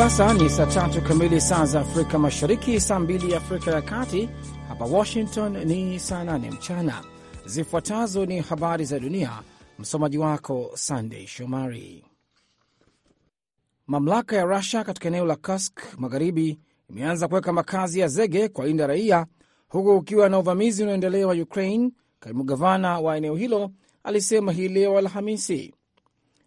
sasa ni saa tatu kamili saa za Afrika Mashariki, saa mbili Afrika ya Kati. Hapa Washington ni saa nane mchana. Zifuatazo ni habari za dunia, msomaji wako Sandei Shomari. Mamlaka ya Rusia katika eneo la kask magharibi imeanza kuweka makazi ya zege kwa linda raia, huku ukiwa na uvamizi unaoendelea wa Ukraine. karibu gavana wa eneo hilo alisema hii leo Alhamisi.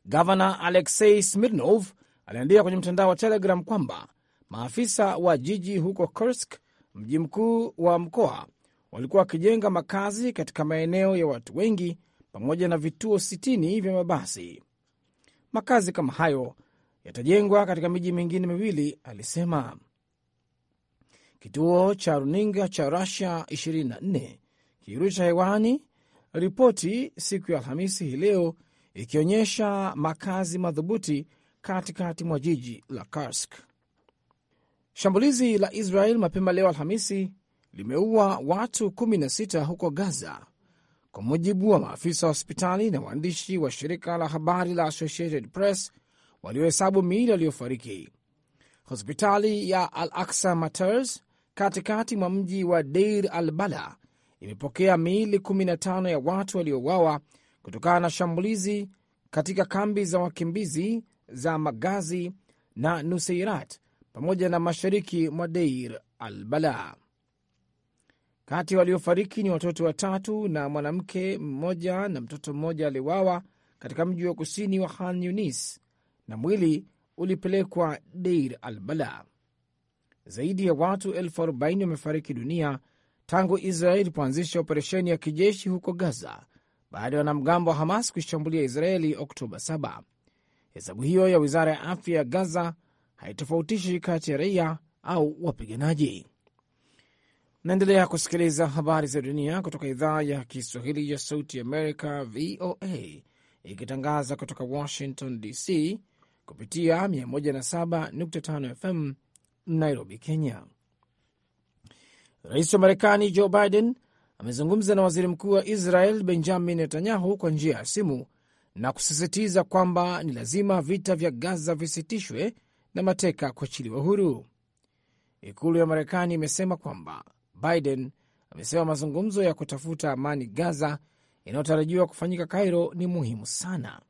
Gavana Aleksei Smirnov aliandika kwenye mtandao wa Telegram kwamba maafisa wa jiji huko Kursk, mji mkuu wa mkoa, walikuwa wakijenga makazi katika maeneo ya watu wengi pamoja na vituo 60 vya mabasi. Makazi kama hayo yatajengwa katika miji mingine miwili, alisema. Kituo cha runinga cha Rusia 24 kirusha hewani ripoti siku ya Alhamisi hii leo ikionyesha makazi madhubuti katikati mwa jiji la Kursk. Shambulizi la Israel mapema leo Alhamisi limeua watu 16 huko Gaza, kwa mujibu wa maafisa wa hospitali na waandishi wa shirika la habari la Associated Press waliohesabu miili waliofariki. Hospitali ya Al Aksa Maters katikati mwa mji wa Deir al Bala imepokea miili 15 ya watu waliouawa kutokana na shambulizi katika kambi za wakimbizi za Magazi na Nuseirat pamoja na mashariki mwa Deir al-Bala. Kati waliofariki ni watoto watatu na mwanamke mmoja na mtoto mmoja aliwawa katika mji wa kusini wa Khan Yunis na mwili ulipelekwa Deir al-Bala. Zaidi ya watu elfu arobaini wamefariki dunia tangu Israeli kuanzisha operesheni ya kijeshi huko Gaza baada ya wanamgambo wa Hamas kuishambulia Israeli Oktoba 7. Hesabu hiyo ya wizara ya afya ya Gaza haitofautishi kati ya raia au wapiganaji. Naendelea kusikiliza habari za dunia kutoka idhaa ya Kiswahili ya Sauti Amerika, VOA, ikitangaza kutoka Washington DC kupitia 107.5 FM Nairobi, Kenya. Rais wa Marekani Joe Biden amezungumza na waziri mkuu wa Israel Benjamin Netanyahu kwa njia ya simu na kusisitiza kwamba ni lazima vita vya Gaza visitishwe na mateka kuachiliwa huru. Ikulu ya Marekani imesema kwamba Biden amesema mazungumzo ya kutafuta amani Gaza yanayotarajiwa kufanyika Cairo ni muhimu sana.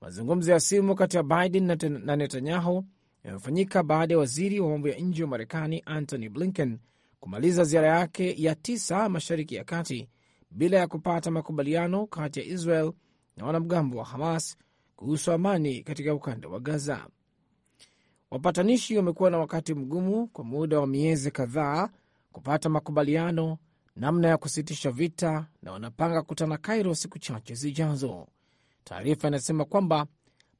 Mazungumzo ya simu kati ya Biden na Netanyahu yamefanyika baada ya waziri wa mambo ya nje wa Marekani Antony Blinken kumaliza ziara yake ya tisa mashariki ya kati bila ya kupata makubaliano kati ya Israel na wanamgambo wa Hamas kuhusu amani katika ukanda wa Gaza. Wapatanishi wamekuwa na wakati mgumu kwa muda wa miezi kadhaa kupata makubaliano namna ya kusitisha vita na wanapanga kutana Kairo siku chache zijazo. Taarifa inasema kwamba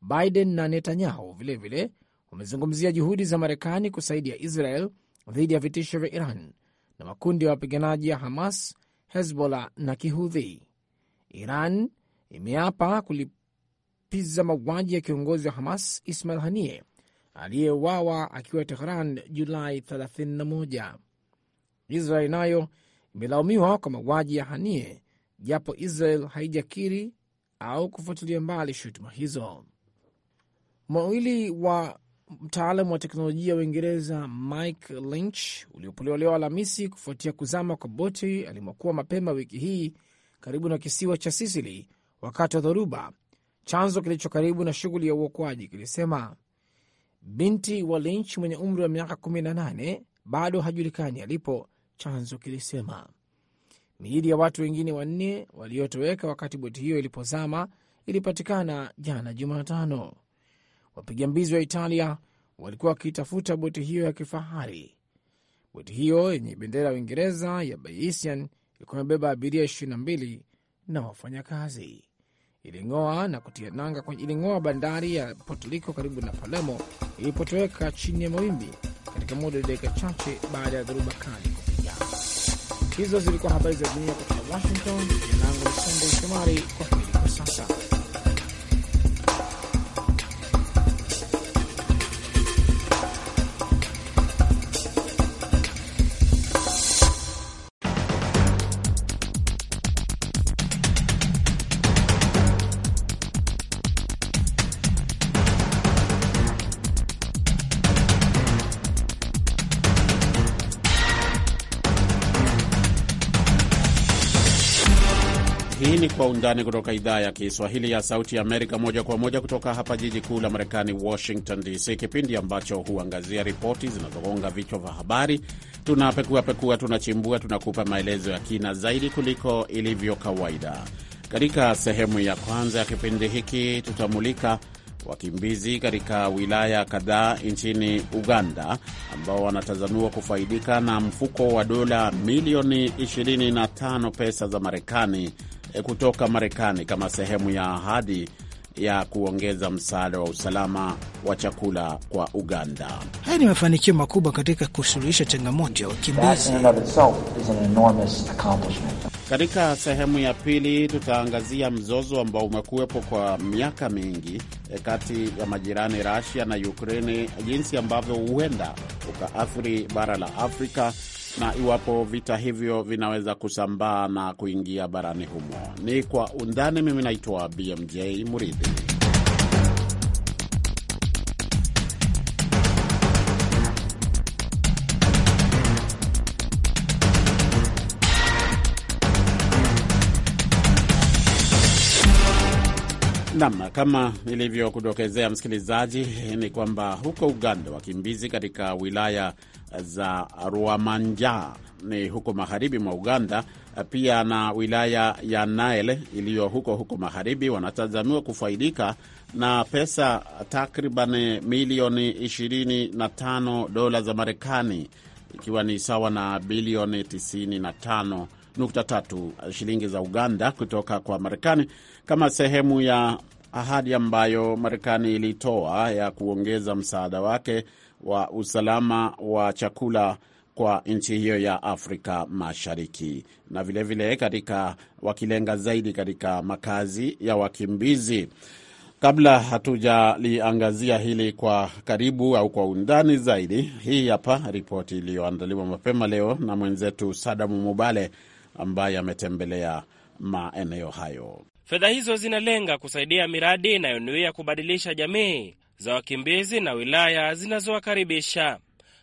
Biden na Netanyahu vilevile wamezungumzia juhudi za Marekani kusaidia Israel dhidi ya vitisho vya Iran na makundi ya wapiganaji ya Hamas, Hezbollah na Kihudhi. Iran imeapa kulipiza mauaji ya kiongozi wa Hamas Ismail hanie aliyeuawa akiwa Tehran Julai 31. Israel nayo imelaumiwa kwa mauaji ya hanie japo Israel haijakiri au kufuatilia mbali shutuma hizo. mawili wa mtaalamu wa teknolojia wa Uingereza Mike Lynch uliopolewa Alhamisi kufuatia kuzama kwa boti alimokuwa mapema wiki hii karibu na kisiwa cha Sisili wakati wa dhoruba. Chanzo kilicho karibu na shughuli ya uokoaji kilisema binti wa Lynch mwenye umri wa miaka 18 bado hajulikani alipo, chanzo kilisema. Miili ya watu wengine wanne waliotoweka wakati boti hiyo ilipozama ilipatikana jana Jumatano. Wapiga mbizi wa Italia walikuwa wakitafuta boti hiyo ya kifahari. Boti hiyo yenye bendera ya Uingereza ya Bayesian ilikuwa imebeba abiria 22 na wafanyakazi iling'oa na kutia nanga kwenye iling'oa bandari ya potoliko karibu na Palermo ilipotoweka chini ya mawimbi katika muda wa dakika chache baada ya dhoruba kali kupiga. Hizo zilikuwa habari za dunia kutoka Washington. Jina langu ni Sandey Shomari. Kwa heri kwa sasa. undani kutoka idhaa ya Kiswahili ya Sauti Amerika, moja kwa moja kutoka hapa jiji kuu la Marekani, Washington DC, kipindi ambacho huangazia ripoti zinazogonga vichwa vya habari. Tunapekuapekua, tunachimbua, tunakupa maelezo ya kina zaidi kuliko ilivyo kawaida. Katika sehemu ya kwanza ya kipindi hiki, tutamulika wakimbizi katika wilaya kadhaa nchini Uganda ambao wanatazamiwa kufaidika na mfuko wa dola milioni 25 pesa za Marekani kutoka Marekani kama sehemu ya ahadi ya kuongeza msaada wa usalama wa chakula kwa Uganda. Haya ni mafanikio makubwa katika kusuluhisha changamoto ya wakimbizi. Katika sehemu ya pili, tutaangazia mzozo ambao umekuwepo kwa miaka mingi eh, kati ya majirani rasia na Ukraini, jinsi ambavyo huenda ukaathiri bara la Afrika na iwapo vita hivyo vinaweza kusambaa na kuingia barani humo. Ni kwa undani. Mimi naitwa BMJ Muridhi. Nam, kama nilivyokudokezea msikilizaji, ni kwamba huko Uganda wakimbizi katika wilaya za Ruamanja ni huko magharibi mwa Uganda, pia na wilaya ya Nile iliyo huko huko magharibi, wanatazamiwa kufaidika na pesa takriban milioni 25 dola za Marekani, ikiwa ni sawa na bilioni 95 nukt3 shilingi za Uganda kutoka kwa Marekani kama sehemu ya ahadi ambayo Marekani ilitoa ya kuongeza msaada wake wa usalama wa chakula kwa nchi hiyo ya Afrika Mashariki na vilevile vile katika wakilenga zaidi katika makazi ya wakimbizi. Kabla hatujaliangazia hili kwa karibu au kwa undani zaidi, hii hapa ripoti iliyoandaliwa mapema leo na mwenzetu Sadamu Mubale ambaye ametembelea maeneo hayo. Fedha hizo zinalenga kusaidia miradi inayonuia kubadilisha jamii za wakimbizi na wilaya zinazowakaribisha.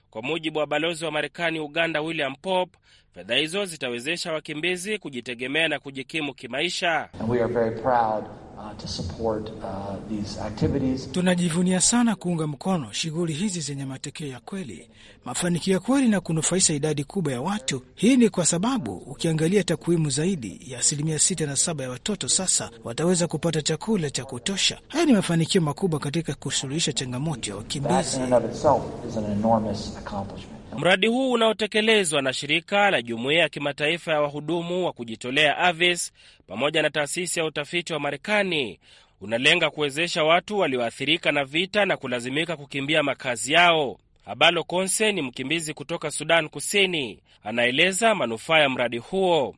Kwa mujibu wa balozi wa Marekani Uganda William Pope, fedha hizo zitawezesha wakimbizi kujitegemea na kujikimu kimaisha. And we are very proud uh, uh Tunajivunia sana kuunga mkono shughuli hizi zenye matokeo ya kweli, mafanikio ya kweli na kunufaisha idadi kubwa ya watu. Hii ni kwa sababu ukiangalia takwimu, zaidi ya asilimia 67 ya watoto sasa wataweza kupata chakula cha kutosha. Haya ni mafanikio makubwa katika kusuluhisha changamoto ya wakimbizi. Mradi huu unaotekelezwa na shirika la jumuiya ya kimataifa ya wahudumu wa kujitolea AVIS pamoja na taasisi ya utafiti wa Marekani unalenga kuwezesha watu walioathirika na vita na kulazimika kukimbia makazi yao. Abalo Konse ni mkimbizi kutoka Sudan Kusini, anaeleza manufaa ya mradi huo.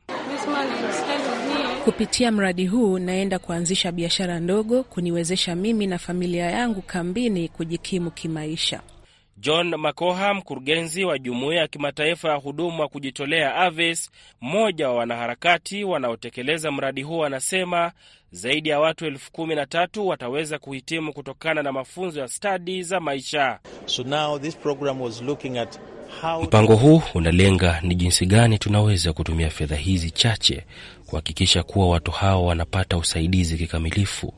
Kupitia mradi huu naenda kuanzisha biashara ndogo kuniwezesha mimi na familia yangu kambini kujikimu kimaisha. John Makoha, mkurugenzi wa jumuiya ya kimataifa ya huduma wa kujitolea AVES, mmoja wa wanaharakati wanaotekeleza mradi huo, anasema zaidi ya watu elfu kumi na tatu wataweza kuhitimu kutokana na mafunzo ya stadi za maisha. So now this program was looking at how... mpango huu unalenga ni jinsi gani tunaweza kutumia fedha hizi chache kuhakikisha kuwa watu hao wanapata usaidizi kikamilifu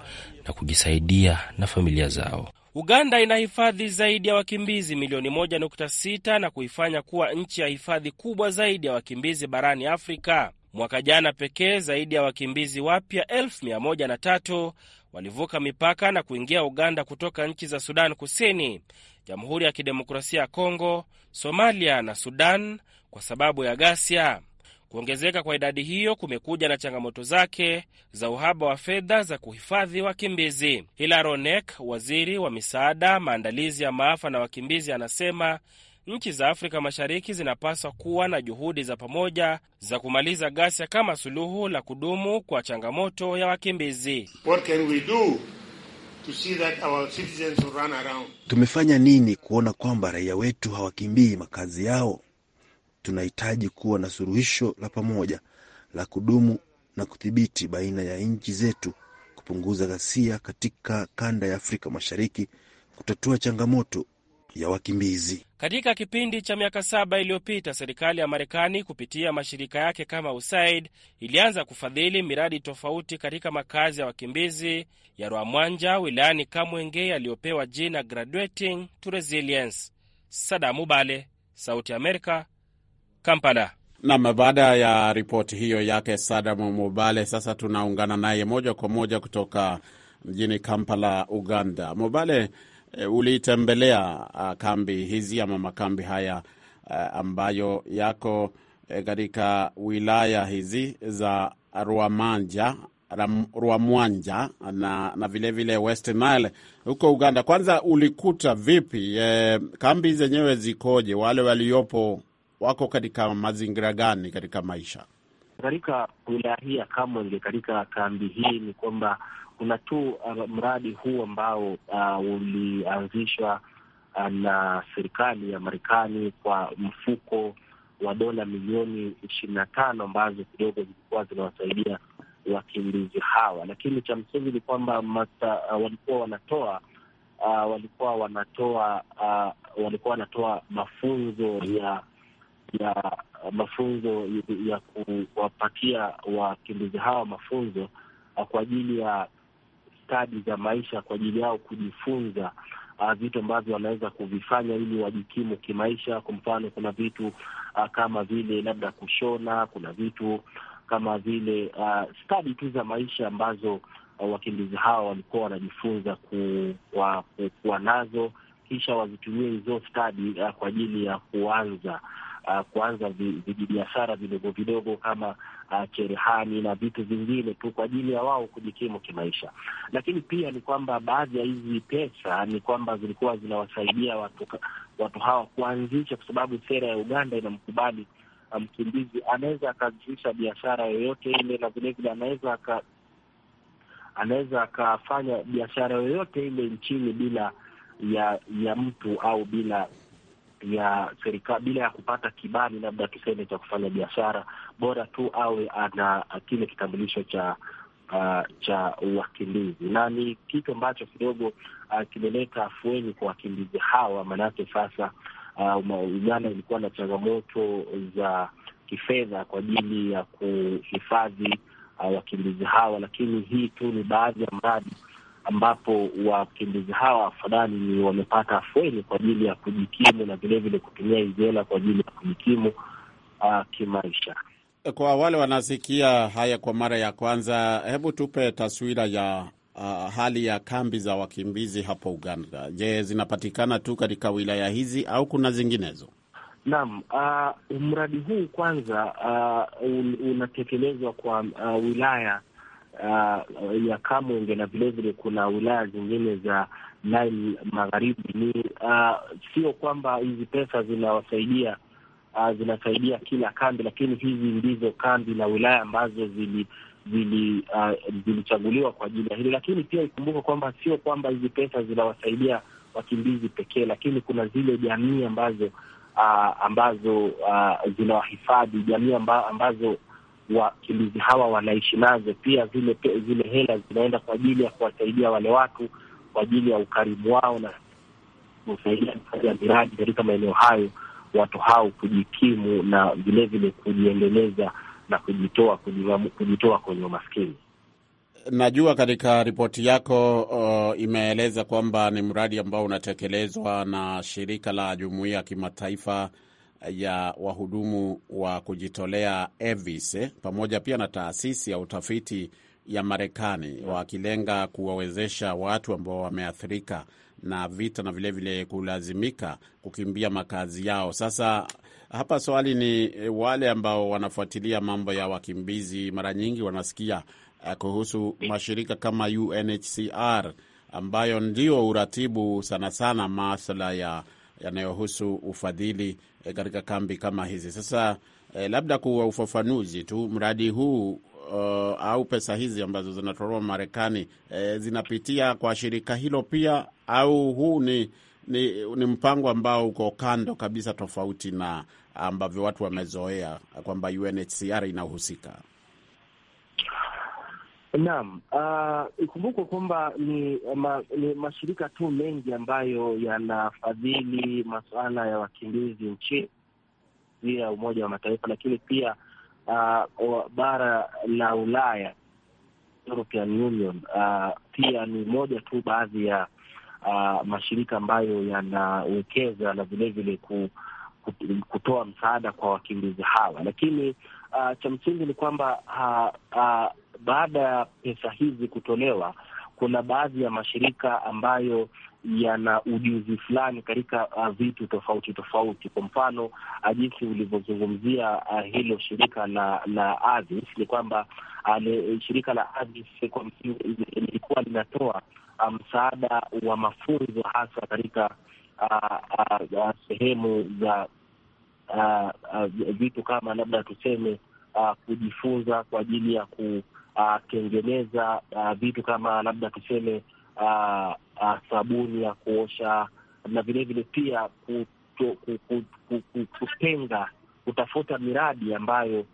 na kujisaidia na familia zao. Uganda ina hifadhi zaidi ya wakimbizi milioni 1.6 na kuifanya kuwa nchi ya hifadhi kubwa zaidi ya wakimbizi barani Afrika. Mwaka jana pekee zaidi ya wakimbizi wapya 13 walivuka mipaka na kuingia Uganda kutoka nchi za Sudan Kusini, Jamhuri ya Kidemokrasia ya Kongo, Somalia na Sudan kwa sababu ya ghasia. Kuongezeka kwa idadi hiyo kumekuja na changamoto zake za uhaba wa fedha za kuhifadhi wakimbizi. Ila Ronek, waziri wa misaada, maandalizi ya maafa na wakimbizi, anasema nchi za Afrika Mashariki zinapaswa kuwa na juhudi za pamoja za kumaliza ghasia kama suluhu la kudumu kwa changamoto ya wakimbizi. What can we do? Tumefanya nini kuona kwamba raia wetu hawakimbii makazi yao? tunahitaji kuwa na suluhisho la pamoja la kudumu na kudhibiti baina ya nchi zetu, kupunguza ghasia katika kanda ya Afrika Mashariki, kutatua changamoto ya wakimbizi. Katika kipindi cha miaka saba iliyopita, serikali ya Marekani kupitia mashirika yake kama USAID ilianza kufadhili miradi tofauti katika makazi ya wakimbizi ya Rwamwanja wilayani Kamwenge yaliyopewa jina Graduating to Resilience. Sadamu Bale, Sauti Amerika, Kampala. Nam, baada ya ripoti hiyo yake Sadamu Mubale, sasa tunaungana naye moja kwa moja kutoka mjini Kampala, Uganda. Mubale, e, ulitembelea kambi hizi ama makambi haya a, ambayo yako e, katika e, wilaya hizi za Ruamanja Ruamwanja na, na vile vile West Nile huko Uganda. Kwanza ulikuta vipi e, kambi zenyewe zikoje? Wale waliopo wako katika mazingira gani katika maisha? Katika wilaya hii ya Kamwenge, katika kambi hii ni kwamba kuna tu uh, mradi huu ambao uh, ulianzishwa uh, na serikali ya Marekani kwa mfuko wa dola milioni ishirini na tano ambazo kidogo zilikuwa zinawasaidia wakimbizi hawa, lakini cha msingi ni kwamba uh, walikuwa wanatoa uh, walikuwa wanatoa uh, walikuwa wanatoa mafunzo ya ya mafunzo ya kuwapatia wakimbizi hawa mafunzo kwa ajili ya stadi za maisha, kwa ajili yao kujifunza Uh, vitu ambavyo wanaweza kuvifanya ili wajikimu kimaisha. Kwa mfano, kuna vitu uh, kama vile labda kushona, kuna vitu kama vile uh, stadi tu za maisha ambazo uh, wakimbizi hawa walikuwa wanajifunza kuwa ku, nazo, kisha wazitumie hizo stadi uh, kwa ajili ya kuanza uh, kuanza vijibiashara vidogo vidogo kama uh, cherehani na vitu vingine tu kwa ajili ya wao kujikimu kimaisha. Lakini pia ni kwamba baadhi ya hizi pesa ni kwamba zilikuwa zinawasaidia watu, watu hawa kuanzisha, kwa sababu sera ya Uganda inamkubali uh, mkimbizi um, anaweza akaanzisha biashara yoyote ile, na vilevile anaweza aka anaweza akafanya biashara yoyote ile nchini bila ya ya mtu au bila ya serikali bila ya kupata kibali labda tuseme cha kufanya biashara, bora tu awe ana kile kitambulisho cha Uh, cha uwakilizi, na ni kitu ambacho kidogo uh, kimeleta afueni kwa wakimbizi hawa, maanake sasa uh, Uganda uh, ilikuwa na changamoto za kifedha kwa ajili ya kuhifadhi uh, wakimbizi hawa, lakini hii tu ni baadhi ya mradi ambapo wakimbizi hawa afadhali ni wamepata afueni kwa ajili ya kujikimu na vilevile kutumia hizi hela kwa ajili ya kujikimu uh, kimaisha. Kwa wale wanasikia haya kwa mara ya kwanza, hebu tupe taswira ya uh, hali ya kambi za wakimbizi hapo Uganda. Je, zinapatikana tu katika wilaya hizi au kuna zinginezo? Naam, uh, mradi huu kwanza uh, unatekelezwa kwa uh, wilaya uh, ya Kamwenge na vilevile kuna wilaya zingine za Nile Magharibi. Ni uh, sio kwamba hizi pesa zinawasaidia uh, zinasaidia kila kambi, lakini hizi ndizo kambi na wilaya ambazo zili zili uh, zilichaguliwa kwa ajili ya hili. Lakini pia ikumbuke kwamba sio kwamba hizi pesa zinawasaidia wakimbizi pekee, lakini kuna zile jamii ambazo uh, ambazo uh, zinawahifadhi jamii amba, ambazo wakimbizi hawa wanaishi nazo. Pia zile zile hela zinaenda kwa ajili ya kuwasaidia wale watu kwa ajili ya ukarimu wao na kusaidia miradi katika maeneo hayo, watu hao kujikimu na vilevile kujiendeleza na kujitoa kujitoa kwenye umaskini. Najua katika ripoti yako uh, imeeleza kwamba ni mradi ambao unatekelezwa na shirika la jumuiya ya kimataifa ya wahudumu wa kujitolea EVIS eh, pamoja pia na taasisi ya utafiti ya Marekani wakilenga kuwawezesha watu ambao wameathirika na vita na vilevile vile kulazimika kukimbia makazi yao. Sasa hapa swali ni eh, wale ambao wanafuatilia mambo ya wakimbizi, mara nyingi wanasikia eh, kuhusu mashirika kama UNHCR ambayo ndio uratibu sana sana masuala ya yanayohusu ufadhili eh, katika kambi kama hizi. Sasa e, labda kuwa ufafanuzi tu mradi huu Uh, au pesa hizi ambazo zinatolewa Marekani e, zinapitia kwa shirika hilo pia au huu ni, ni, ni mpango ambao uko kando kabisa tofauti na ambavyo watu wamezoea kwamba UNHCR inahusika? Naam, uh, ikumbukwe kwamba ni, ma, ni mashirika tu mengi ambayo yanafadhili masuala ya wakimbizi nchini ya Umoja wa Mataifa, lakini pia uh, bara la Ulaya European Union uh, pia ni moja tu baadhi ya uh, mashirika ambayo yanawekeza na vilevile ku, kutoa msaada kwa wakimbizi hawa, lakini uh, cha msingi ni kwamba uh, uh, baada ya pesa hizi kutolewa, kuna baadhi ya mashirika ambayo yana ujuzi fulani katika uh, vitu tofauti tofauti. Kwa mfano, uh, jinsi ulivyozungumzia uh, hilo shirika la la ADHIS ni kwamba shirika la ADHIS kwa lilikuwa linatoa msaada wa mafunzo hasa katika sehemu za vitu kama labda tuseme kujifunza kwa ajili ya ku akitengeneza uh, ah, vitu kama labda tuseme uh, uh, sabuni ya kuosha na vilevile pia kutenga kutafuta miradi ambayo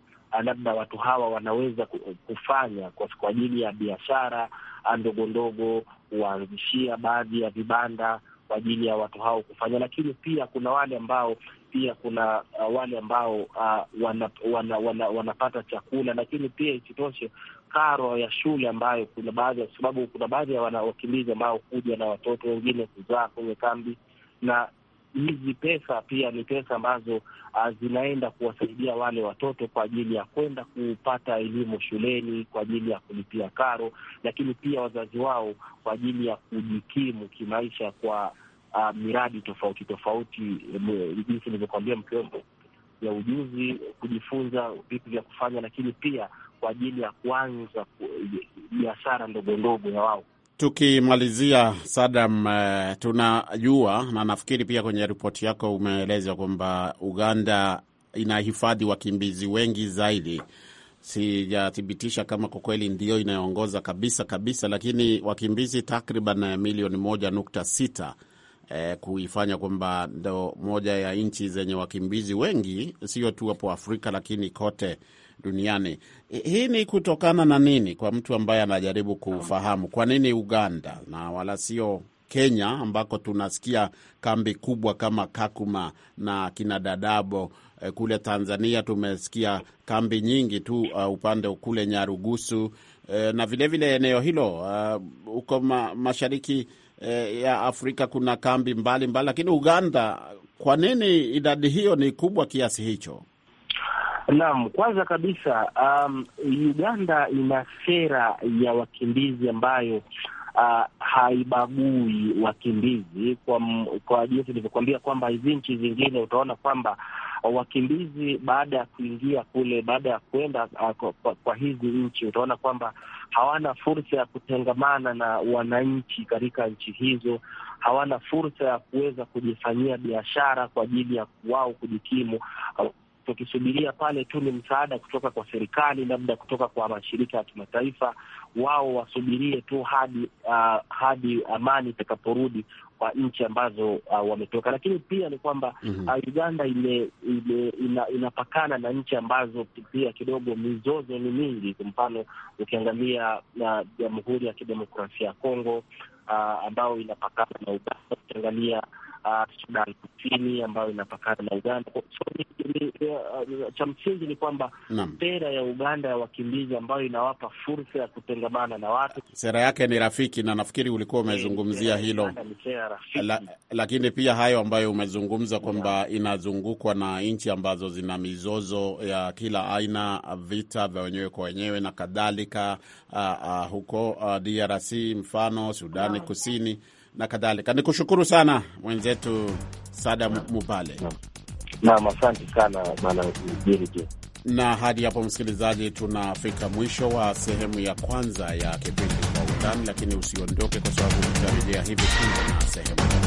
labda watu hawa wanaweza kufanya kwa ajili ya biashara ndogo ndogo, kuwaanzishia baadhi ya vibanda kwa ajili ya watu hao kufanya. Lakini pia kuna wale ambao pia kuna uh, wale ambao uh, wana, wana, wana, wanapata chakula, lakini pia isitoshe karo ya shule ambayo kuna baadhi ya sababu, kuna baadhi ya wanawakimbizi ambao huja na watoto wengine kuzaa kwenye kambi, na hizi pesa pia ni pesa ambazo ah, zinaenda kuwasaidia wale watoto kwa ajili ya kwenda kupata elimu shuleni, kwa ajili ya kulipia karo, lakini pia wazazi wao kwa ajili ya kujikimu kimaisha kwa uh, miradi tofauti tofauti, eh, jinsi nilivyokuambia, mkiwemo ya ujuzi, kujifunza vitu vya kufanya, lakini pia kwa ajili ya kuanza biashara ndogo ndogo ya wao. Tukimalizia Sadam, eh, tunajua na nafikiri pia kwenye ripoti yako umeeleza kwamba Uganda inahifadhi wakimbizi wengi zaidi. Sijathibitisha kama kwa kweli ndio inayoongoza kabisa kabisa, lakini wakimbizi takriban eh, milioni moja nukta sita eh, kuifanya kwamba ndo moja ya nchi zenye wakimbizi wengi, sio tu hapo Afrika lakini kote duniani. Hii ni kutokana na nini, kwa mtu ambaye anajaribu kufahamu kwa nini Uganda na wala sio Kenya ambako tunasikia kambi kubwa kama Kakuma na kina Dadabo. Eh, kule Tanzania tumesikia kambi nyingi tu uh, upande kule Nyarugusu uh, na vilevile vile eneo hilo huko uh, ma mashariki uh, ya Afrika kuna kambi mbalimbali mbali. Lakini Uganda, kwa nini idadi hiyo ni kubwa kiasi hicho? Naam, kwanza kabisa um, Uganda ina sera ya wakimbizi ambayo uh, haibagui wakimbizi kwa, kwa jinsi ilivyokuambia kwamba hizi nchi zingine utaona kwamba wakimbizi baada ya kuingia kule, baada ya kuenda uh, kwa, kwa, kwa hizi nchi utaona kwamba hawana fursa ya kutengamana na wananchi katika nchi hizo, hawana fursa ya kuweza kujifanyia biashara kwa ajili ya wao kujikimu uh, tukisubiria pale tu ni msaada kutoka kwa serikali, labda kutoka kwa mashirika ya kimataifa, wao wasubirie tu hadi uh, hadi amani itakaporudi kwa nchi ambazo uh, wametoka. Lakini pia ni kwamba mm -hmm. uh, Uganda ile, ile, ina, inapakana na nchi ambazo pia kidogo mizozo ni mingi. Kwa mfano ukiangalia Jamhuri uh, ya Kidemokrasia ya Kongo uh, ambayo inapakana na Uganda, ukiangalia Sudan Kusini ambayo inapakana na Uganda. So, uh, cha msingi ni kwamba sera ya Uganda ya wakimbizi ambayo inawapa fursa ya kutengamana na watu, sera yake ni rafiki, na nafikiri ulikuwa eh, umezungumzia eh, hilo la, lakini pia hayo ambayo umezungumza kwamba inazungukwa na nchi ambazo zina mizozo ya kila aina, vita vya wenyewe kwa wenyewe na kadhalika, uh, uh, huko uh, DRC mfano Sudani Kusini na kadhalika. Ni kushukuru sana mwenzetu Sada Mubale. Naam, asante sana bwana na hadi hapo msikilizaji, tunafika mwisho wa sehemu ya kwanza ya kipindi kwa undani, lakini usiondoke, kwa sababu tutarejea hivi punde na sehemu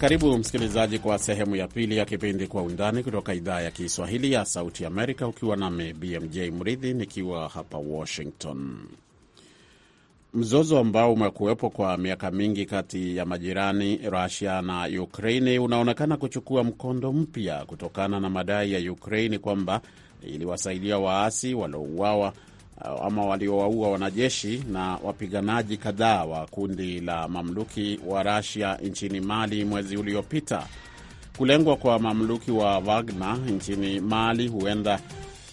Karibu msikilizaji kwa sehemu ya pili ya kipindi Kwa Undani kutoka idhaa ya Kiswahili ya Sauti Amerika, ukiwa nami BMJ Mridhi nikiwa hapa Washington. Mzozo ambao umekuwepo kwa miaka mingi kati ya majirani Rusia na Ukraini unaonekana kuchukua mkondo mpya kutokana na madai ya Ukraini kwamba iliwasaidia waasi waliouawa Uh, ama waliowaua wanajeshi na wapiganaji kadhaa wa kundi la mamluki wa Rasia nchini Mali mwezi uliopita. Kulengwa kwa mamluki wa Wagner nchini Mali huenda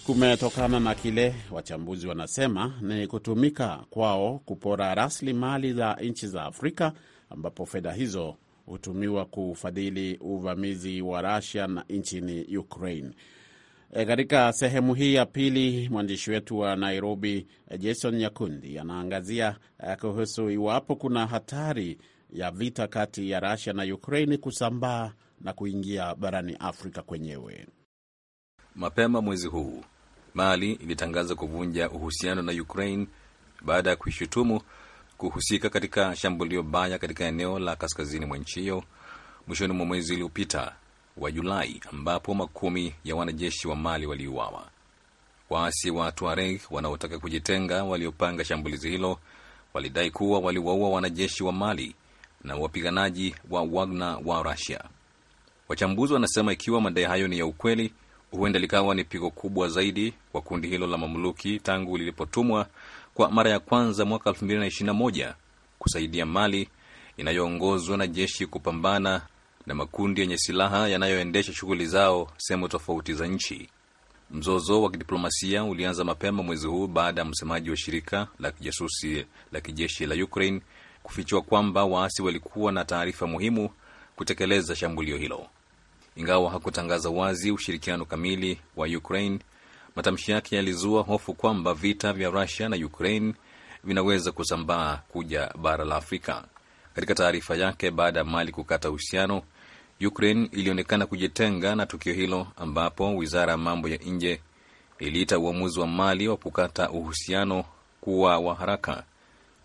kumetokana na kile wachambuzi wanasema ni kutumika kwao kupora rasilimali za nchi za Afrika, ambapo fedha hizo hutumiwa kufadhili uvamizi wa rasia nchini Ukraine. Eh, katika e, sehemu hii ya pili mwandishi wetu wa Nairobi eh, Jason Nyakundi anaangazia eh, kuhusu iwapo kuna hatari ya vita kati ya Russia na Ukraine kusambaa na kuingia barani Afrika kwenyewe. Mapema mwezi huu Mali ilitangaza kuvunja uhusiano na Ukraine baada ya kuishutumu kuhusika katika shambulio baya katika eneo la kaskazini mwa nchi hiyo mwishoni mwa mwezi uliopita wa Julai ambapo makumi ya wanajeshi wa Mali waliuawa. Waasi wa Tuareg wanaotaka kujitenga waliopanga shambulizi hilo walidai kuwa waliwaua wanajeshi wa Mali na wapiganaji wa Wagner wa Russia. Wachambuzi wanasema ikiwa madai hayo ni ya ukweli, huenda likawa ni pigo kubwa zaidi kwa kundi hilo la mamluki tangu lilipotumwa kwa mara ya kwanza mwaka 2021 kusaidia Mali inayoongozwa na jeshi kupambana na makundi yenye silaha yanayoendesha shughuli zao sehemu tofauti za nchi. Mzozo wa kidiplomasia ulianza mapema mwezi huu baada ya msemaji wa shirika la kijasusi la kijeshi la Ukraine kufichua kwamba waasi walikuwa na taarifa muhimu kutekeleza shambulio hilo. Ingawa hakutangaza wazi ushirikiano kamili wa Ukraine, matamshi yake yalizua hofu kwamba vita vya Rusia na Ukraine vinaweza kusambaa kuja bara la Afrika. Katika taarifa yake baada ya Mali kukata uhusiano Ukraine ilionekana kujitenga na tukio hilo, ambapo wizara ya mambo ya nje iliita uamuzi wa Mali wa kukata uhusiano kuwa wa haraka,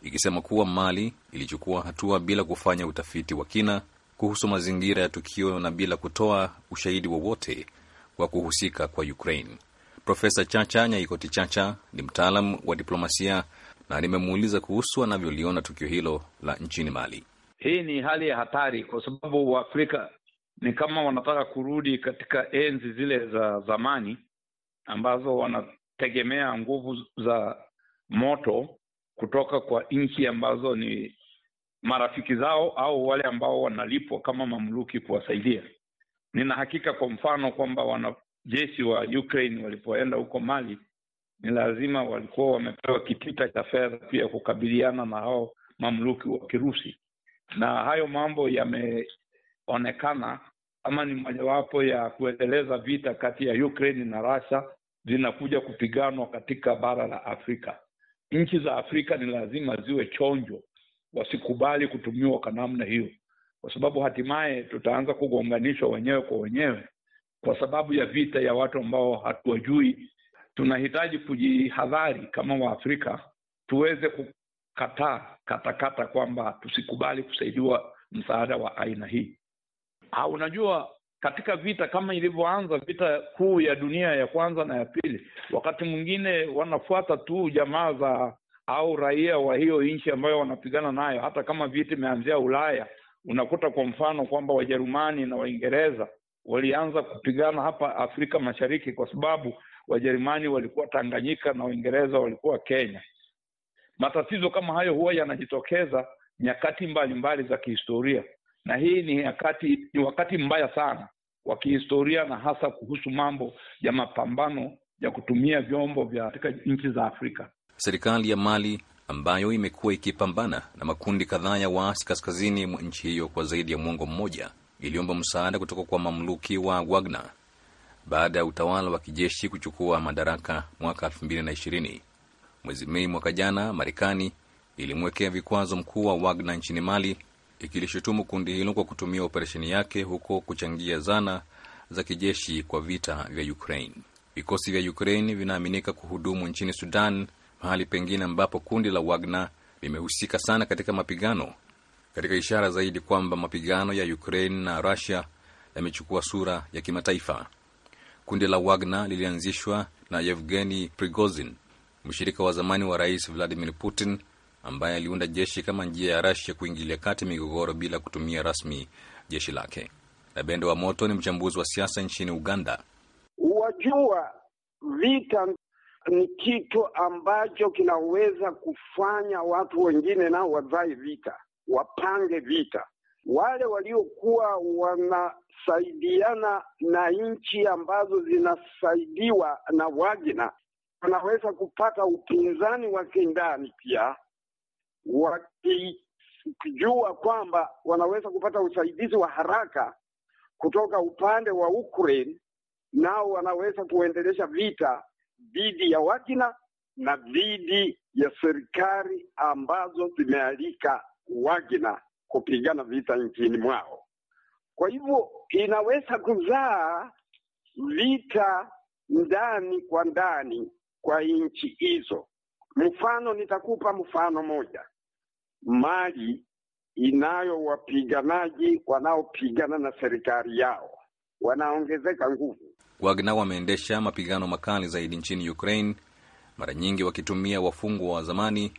ikisema kuwa Mali ilichukua hatua bila kufanya utafiti wa kina kuhusu mazingira ya tukio na bila kutoa ushahidi wowote wa, wa kuhusika kwa Ukraine. Profesa Chacha Nyaikoti Chacha ni mtaalam wa diplomasia na nimemuuliza kuhusu anavyoliona tukio hilo la nchini Mali. Hii ni hali ya hatari kwa sababu Waafrika ni kama wanataka kurudi katika enzi zile za zamani ambazo wanategemea nguvu za moto kutoka kwa nchi ambazo ni marafiki zao au wale ambao wanalipwa kama mamluki kuwasaidia. Nina hakika kwa mfano kwamba wanajeshi wa Ukraine walipoenda huko Mali ni lazima walikuwa wamepewa kitita cha fedha pia kukabiliana na hao mamluki wa Kirusi, na hayo mambo yameonekana ama ni mojawapo ya kuendeleza vita kati ya Ukraine na Russia zinakuja kupiganwa katika bara la Afrika. Nchi za Afrika ni lazima ziwe chonjo, wasikubali kutumiwa kwa namna hiyo, kwa sababu hatimaye tutaanza kugonganishwa wenyewe kwa wenyewe kwa sababu ya vita ya watu ambao hatuwajui. Tunahitaji kujihadhari kama Waafrika tuweze kukataa katakata kwamba tusikubali kusaidiwa msaada wa aina hii ha, ah, unajua katika vita kama ilivyoanza vita kuu ya dunia ya kwanza na ya pili, wakati mwingine wanafuata tu jamaa za au raia wa hiyo nchi ambayo wanapigana nayo. Hata kama vita imeanzia Ulaya, unakuta kwa mfano kwamba Wajerumani na Waingereza walianza kupigana hapa Afrika Mashariki kwa sababu Wajerumani walikuwa Tanganyika na Waingereza walikuwa Kenya. Matatizo kama hayo huwa yanajitokeza nyakati mbalimbali mbali za kihistoria na hii ni wakati, ni wakati mbaya sana wa kihistoria na hasa kuhusu mambo ya mapambano ya kutumia vyombo vya katika nchi za Afrika. Serikali ya Mali ambayo imekuwa ikipambana na makundi kadhaa ya waasi kaskazini mwa nchi hiyo kwa zaidi ya mwongo mmoja iliomba msaada kutoka kwa mamluki wa Wagner baada ya utawala wa kijeshi kuchukua madaraka mwaka 2020. Mwezi Mei mwaka jana, Marekani ilimwekea vikwazo mkuu wa Wagner nchini Mali ikilishutumu kundi hilo kwa kutumia operesheni yake huko kuchangia zana za kijeshi kwa vita vya Ukraine. Vikosi vya Ukraine vinaaminika kuhudumu nchini Sudan, mahali pengine ambapo kundi la Wagner limehusika sana katika mapigano, katika ishara zaidi kwamba mapigano ya Ukraine na Russia yamechukua sura ya kimataifa. Kundi la Wagner lilianzishwa na Yevgeni Prigozhin, mshirika wa zamani wa Rais Vladimir Putin ambaye aliunda jeshi kama njia ya Rasia kuingilia kati migogoro bila kutumia rasmi jeshi lake. Nabendo wa Moto ni mchambuzi wa siasa nchini Uganda. Wajua, vita ni kitu ambacho kinaweza kufanya watu wengine nao wavae vita, wapange vita. Wale waliokuwa wanasaidiana na nchi ambazo zinasaidiwa na Wagina wanaweza kupata upinzani wa kindani pia wakijua kwamba wanaweza kupata usaidizi wa haraka kutoka upande wa Ukraine, nao wanaweza kuendelesha vita dhidi ya Wagner na dhidi ya serikali ambazo zimealika Wagner kupigana vita nchini mwao. Kwa hivyo inaweza kuzaa vita ndani kwa ndani kwa nchi hizo. Mfano, nitakupa mfano moja mali inayo wapiganaji wanaopigana na serikali yao, wanaongezeka nguvu. Wagner wameendesha mapigano makali zaidi nchini Ukraine, mara nyingi wakitumia wafungwa wa zamani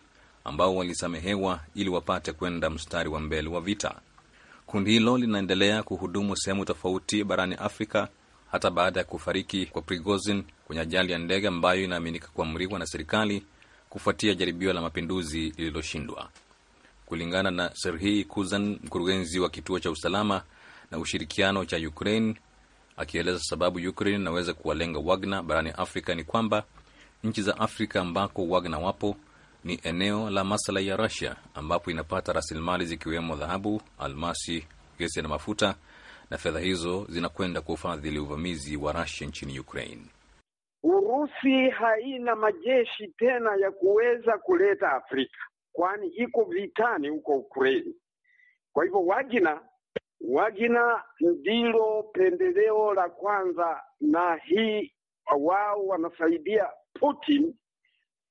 ambao walisamehewa ili wapate kwenda mstari wa mbele wa vita. Kundi hilo linaendelea kuhudumu sehemu tofauti barani Afrika hata baada ya kufariki kwa Prigozhin kwenye ajali ya ndege ambayo inaaminika kuamriwa na serikali kufuatia jaribio la mapinduzi lililoshindwa kulingana na Serhii Kuzan, mkurugenzi wa kituo cha usalama na ushirikiano cha Ukraine. Akieleza sababu Ukraine inaweza kuwalenga Wagner barani Afrika ni kwamba nchi za Afrika ambako Wagner wapo ni eneo la maslahi ya Russia, ambapo inapata rasilimali zikiwemo dhahabu, almasi, gesi na mafuta, na fedha hizo zinakwenda kufadhili uvamizi wa Russia nchini Ukraine. Urusi haina majeshi tena ya kuweza kuleta Afrika kwani iko vitani huko Ukraini. Kwa hivyo Wagina Wagina ndilo pendeleo la kwanza, na hii wao wanasaidia Putin.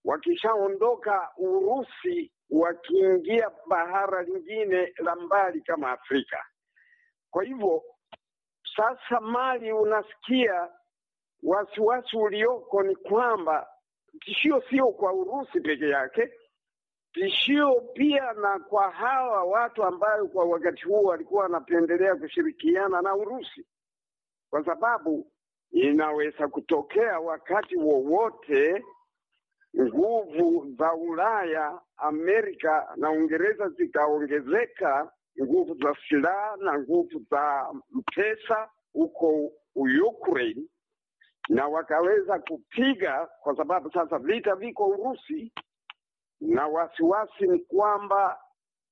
Wakishaondoka Urusi, wakiingia bahara lingine la mbali kama Afrika. Kwa hivyo sasa, mali unasikia wasiwasi ulioko ni kwamba tishio sio kwa Urusi peke yake, tishio pia na kwa hawa watu ambayo kwa wakati huo walikuwa wanapendelea kushirikiana na Urusi, kwa sababu inaweza kutokea wakati wowote nguvu za Ulaya, Amerika na Uingereza zikaongezeka nguvu za silaha na nguvu za pesa huko Ukraine, na wakaweza kupiga, kwa sababu sasa vita viko Urusi na wasiwasi ni kwamba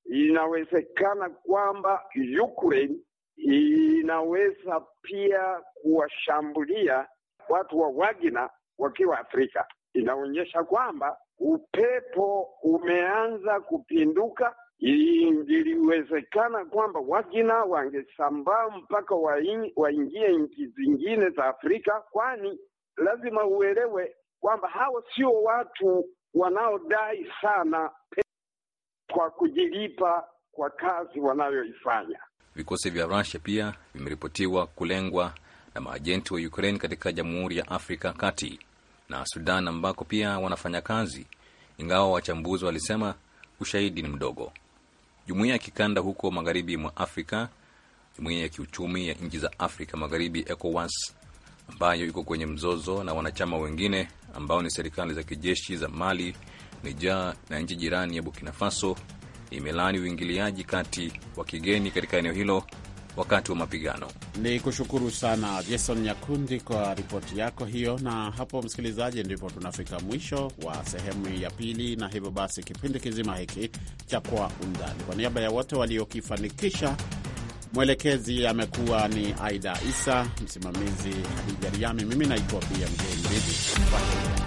inawezekana kwamba Ukraine inaweza pia kuwashambulia watu wa wagina wakiwa Afrika. Inaonyesha kwamba upepo umeanza kupinduka. Ingiliwezekana kwamba wagina wangesambaa mpaka waingie nchi zingine za Afrika, kwani lazima uelewe kwamba hao sio watu wanaodai sana kwa kujilipa kwa kazi wanayoifanya. Vikosi vya Rusia pia vimeripotiwa kulengwa na maajenti wa Ukraine katika Jamhuri ya Afrika Kati na Sudan ambako pia wanafanya kazi, ingawa wachambuzi walisema ushahidi ni mdogo. Jumuiya ya kikanda huko magharibi mwa Afrika, jumuiya ya kiuchumi ya nchi za Afrika Magharibi, ECOWAS ambayo iko kwenye mzozo na wanachama wengine ambao ni serikali za kijeshi za Mali, Niger na nchi jirani ya Burkina Faso imelaani uingiliaji kati wa kigeni katika eneo hilo wakati wa mapigano. Ni kushukuru sana Jason Nyakundi kwa ripoti yako hiyo. Na hapo, msikilizaji, ndipo tunafika mwisho wa sehemu ya pili, na hivyo basi kipindi kizima hiki cha Kwa Undani, kwa niaba ya wote waliokifanikisha Mwelekezi amekuwa ni Aida Isa, msimamizi Hadija mimi naitwa pia Kwa Mridi.